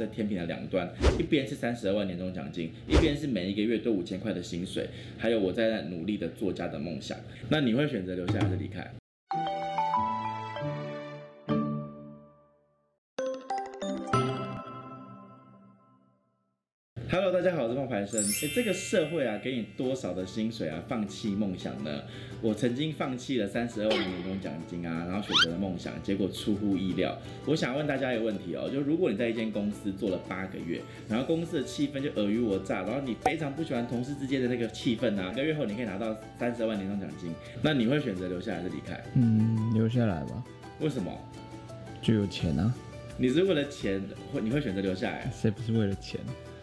在天平的兩端，一邊是三十二萬年終獎金，一邊是每一個月都五千塊的薪水，還有我在那努力的作家的夢想。那你會選擇留下還是離開？Hello，大家好，我是冒牌生。哎、欸，這個社會啊，給你多少的薪水啊，放棄夢想呢？我曾經放棄了三十二萬年終獎金啊，然後選擇了夢想，結果出乎意料。我想問大家一個問題哦、喔，就如果你在一間公司做了八個月，然後公司的氣氛就爾虞我詐，然後你非常不喜歡同事之間的那個氣氛啊，兩個月後你可以拿到三十二萬年終獎金，那你會選擇留下來還是離開？嗯，留下來吧。為什麼？就有錢啊。你是為了錢，會你會選擇留下來？誰不是為了錢？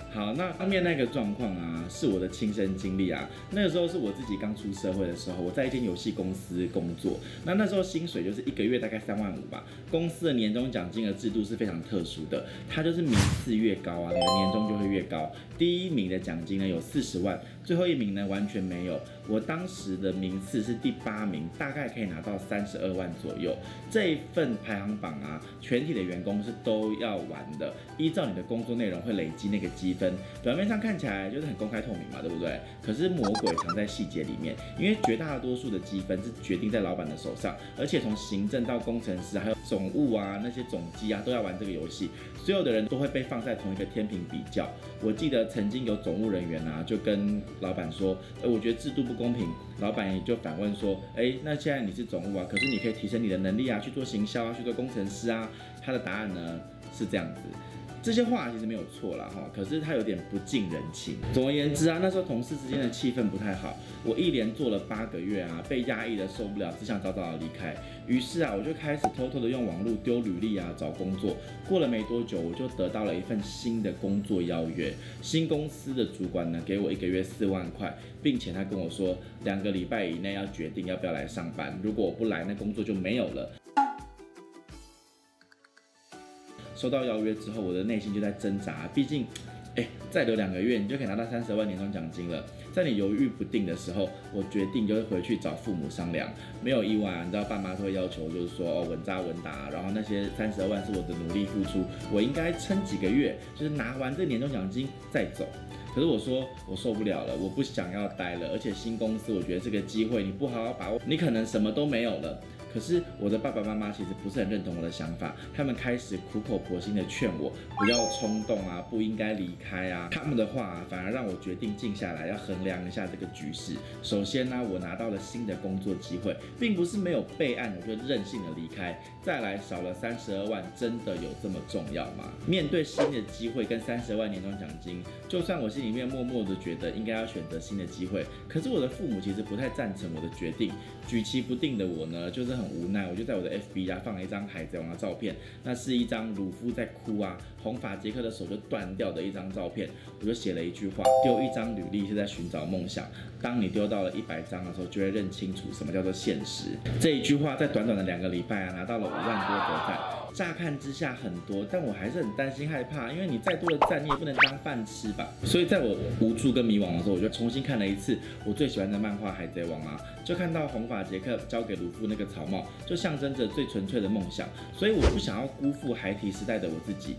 好，那上面那個狀況啊，是我的親身經歷啊。那個時候是我自己剛出社會的時候，我在一間遊戲公司工作。那那時候薪水就是一個月大概三萬五吧。公司的年終獎金額制度是非常特殊的，它就是名次越高啊，你的年終就會越高。第一名的獎金呢有四十萬，最後一名呢完全沒有。我當時的名次是第八名，大概可以拿到三十二萬左右。這一份排行榜啊，全體的員工是都要玩的，依照你的工作內容會累積那個積分表面上看起來就是很公開透明嘛，對不對？可是魔鬼藏在細節裡面，因為絕大多數的積分是決定在老闆的手上，而且從行政到工程師，還有總務啊、那些總機啊，都要玩這個遊戲，所有的人都會被放在同一個天平比較。我記得曾經有總務人員啊就跟老闆說，哎，我覺得制度不公平。老闆也就反問說，哎，那現在你是總務啊，可是你可以提升你的能力啊，去做行銷啊，去做工程師啊。他的答案呢是這樣子。這些話其實沒有錯啦哈，可是他有點不近人情。總而言之啊，那時候同事之間的氣氛不太好，我一連做了八個月啊，被壓抑的受不了，只想早早的離開。於是啊，我就開始偷偷的用網絡丟履歷啊，找工作。過了沒多久，我就得到了一份新的工作邀約。新公司的主管呢，給我一個月四萬塊，並且他跟我說，兩個禮拜以內要決定要不要來上班。如果我不來，那工作就沒有了。收到邀約之後，我的內心就在掙扎。畢竟，哎、欸，再留兩個月，你就可以拿到三十萬年終獎金了。在你猶豫不定的時候，我決定就是回去找父母商量。沒有意外，你知道爸媽都會要求，就是說哦，穩紮穩打。然後那些三十二萬是我的努力付出，我應該撐幾個月，就是拿完這年終獎金再走。可是我說我受不了了，我不想要待了。而且新公司我覺得這個機會，你不好好把握，你可能什麼都沒有了。可是我的爸爸媽媽其實不是很認同我的想法，他們開始苦口婆心的勸我不要衝動啊，不應該離開啊。他們的話、啊、反而讓我決定靜下來，要衡量一下這個局勢。首先呢、啊，我拿到了新的工作機會，並不是沒有備案，我就任性的離開。再來，少了三十二萬，真的有這麼重要嗎？面對新的機會跟三十二萬年終獎金，就算我心裡面默默的覺得應該要選擇新的機會，可是我的父母其實不太贊成我的決定。舉棋不定的我呢，就是。很無奈，我就在我的 FB 啊放了一張海賊王的照片，那是一張魯夫在哭啊，紅髮傑克的手就斷掉的一張照片。我就寫了一句話：丟一張履歷是在尋找夢想，當你丟到了一百張的時候，就會認清楚什麼叫做現實。這一句話在短短的兩個禮拜啊，拿到了五萬多的讚。乍看之下很多，但我還是很擔心害怕，因為你再多的讚你也不能當飯吃吧。所以在我無助跟迷惘的時候，我就重新看了一次我最喜歡的漫畫《海賊王》啊，就看到紅髮傑克交給魯夫那個草帽，就象徵着最純粹的夢想。所以我不想要辜負孩提時代的我自己。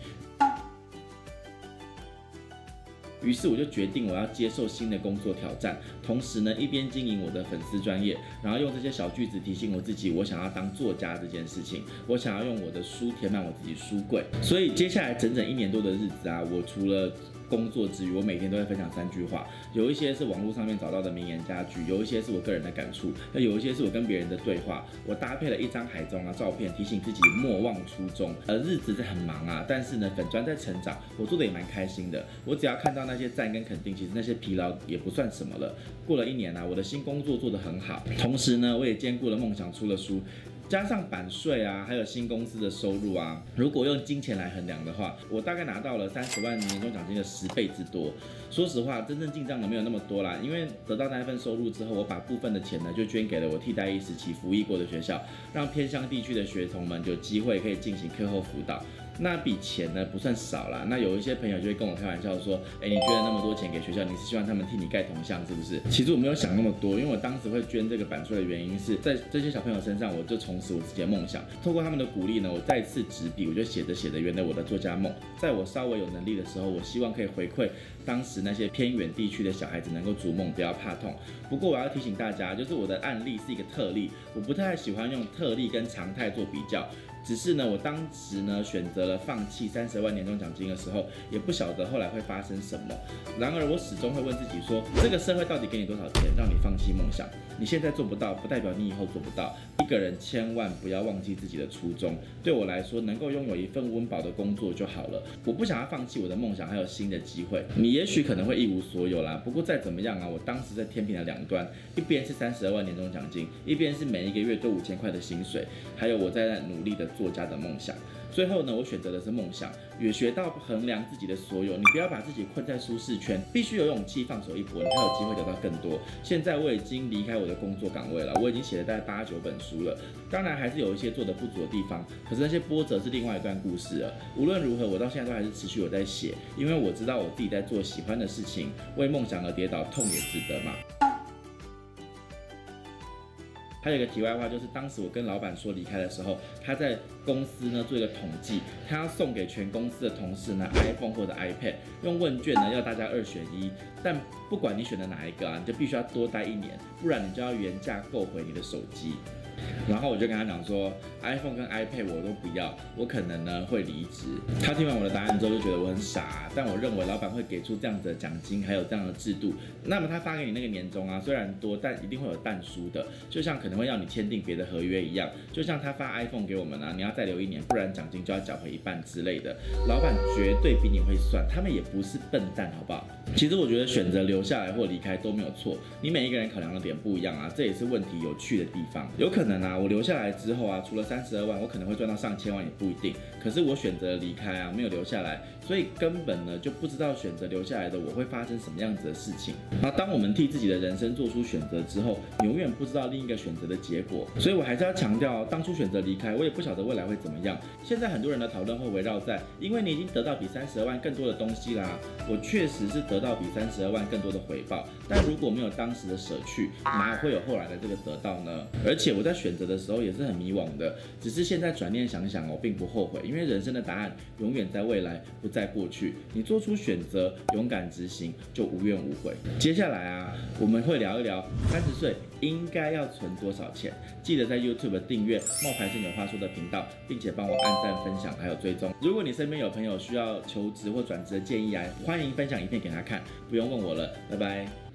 於是我就決定，我要接受新的工作挑戰，同時呢，一邊經營我的粉絲專頁，然後用這些小句子提醒我自己，我想要當作家這件事情，我想要用我的書填滿我自己書櫃。所以接下來整整一年多的日子啊，我除了工作之餘，我每天都會分享三句話，有一些是網絡上面找到的名言佳句，有一些是我個人的感觸，那有一些是我跟別人的對話。我搭配了一張海中啊照片，提醒自己莫忘初衷。而日子是很忙啊，但是呢，粉專在成長，我做的也蠻開心的。我只要看到那些讚跟肯定，其實那些疲勞也不算什麼了。過了一年啊，我的新工作做得很好，同時呢，我也兼顧了夢想，出了書。加上版稅啊，還有新公司的收入啊，如果用金錢來衡量的話，我大概拿到了三十萬年終獎金的十倍之多。說實話，真正進賬的沒有那麼多啦，因為得到那一份收入之後，我把部分的錢呢就捐給了我替代役時期服役過的學校，讓偏鄉地區的學童們有機會可以進行課後輔導。那筆錢呢，不算少啦。那有一些朋友就會跟我開玩笑說，誒，你捐了那麼多錢給學校，你是希望他們替你蓋銅像是不是？其實我沒有想那麼多，因為我當時會捐這個版稅的原因是在這些小朋友身上，我就重拾我自己的夢想。透過他們的鼓勵呢，我再次執筆，我就寫着寫着，原來我的作家夢，在我稍微有能力的時候，我希望可以回饋當時那些偏遠地區的小孩子，能夠逐夢，不要怕痛。不過我要提醒大家，就是我的案例是一個特例，我不太喜歡用特例跟常態做比較。只是呢，我當時呢選擇了放棄三十二萬年終獎金的時候，也不曉得後來會發生什麼。然而我始終會問自己說，這個社會到底給你多少錢，讓你放棄夢想？你現在做不到，不代表你以後做不到。一個人千萬不要忘記自己的初衷。對我來說，能夠擁有一份溫飽的工作就好了。我不想要放棄我的夢想，還有新的機會。你也許可能會一無所有啦，不過再怎麼樣啊，我當時在天平的兩端，一邊是三十二萬年終獎金，一邊是每一個月都五千塊的薪水，還有我在努力的。作家的夢想，最後呢，我選擇的是夢想，也學到衡量自己的所有。你不要把自己困在舒適圈，必須有勇氣放手一搏，你才有機會得到更多。現在我已經離開我的工作崗位了，我已經寫了大概八九本書了。當然還是有一些做得不足的地方，可是那些波折是另外一段故事了。無論如何，我到現在都還是持續有在寫，因為我知道我自己在做喜歡的事情，為夢想而跌倒，痛也值得嘛。還有一個題外話，就是當時我跟老板說離開的時候，他在公司呢做，一個統計，他要送給全公司的同事呢 iPhone 或者 iPad，用問卷呢，要大家二選一，但，不管你選擇哪一個啊，你就必須要多待一年，不然你就要原價購回你的手機。然後我就跟他講說，iPhone 跟 iPad 我都不要，我可能呢會離職。他聽完我的答案之後就覺得我很傻，但我認為老板會給出這樣子的獎金，還有這樣的制度。那麼他發給你那個年終啊，雖然多，但一定會有但書的，就像可能會要你簽訂別的合約一樣，就像他發 iPhone 給我們啊，你要再留一年，不然獎金就要繳回一半之類的。老板絕對比你會算，他們也不是笨蛋，好不好？其實我覺得選擇留。留下來或離開都沒有錯，你每一個人考量的點不一樣啊，這也是問題有趣的地方。有可能啊，我留下來之後啊，除了三十二萬，我可能會賺到上千萬也不一定。可是我選擇離開啊，沒有留下來，所以根本呢就不知道選擇留下來的我會發生什麼樣子的事情。啊，當我們替自己的人生做出選擇之後，你永遠不知道另一個選擇的結果。所以我還是要強調，當初選擇離開，我也不曉得未來會怎麼樣。現在很多人的討論會圍繞在，因為你已經得到比三十二萬更多的東西啦，我確實是得到比三十二萬更多的回報，但如果沒有當時的捨去，哪有會有後來的這個得到呢？而且我在選擇的時候也是很迷惘的，只是現在轉念想想，我並不後悔，因為人生的答案永遠在未來，不在過去。你做出選擇，勇敢執行，就無怨無悔。接下來啊，我們會聊一聊三十歲應該要存多少錢。記得在 YouTube 訂閱冒牌生有話說的頻道，並且幫我按讚、分享還有追蹤。如果你身邊有朋友需要求職或轉職的建議啊，歡迎分享影片給他看，不用問我了。拜拜。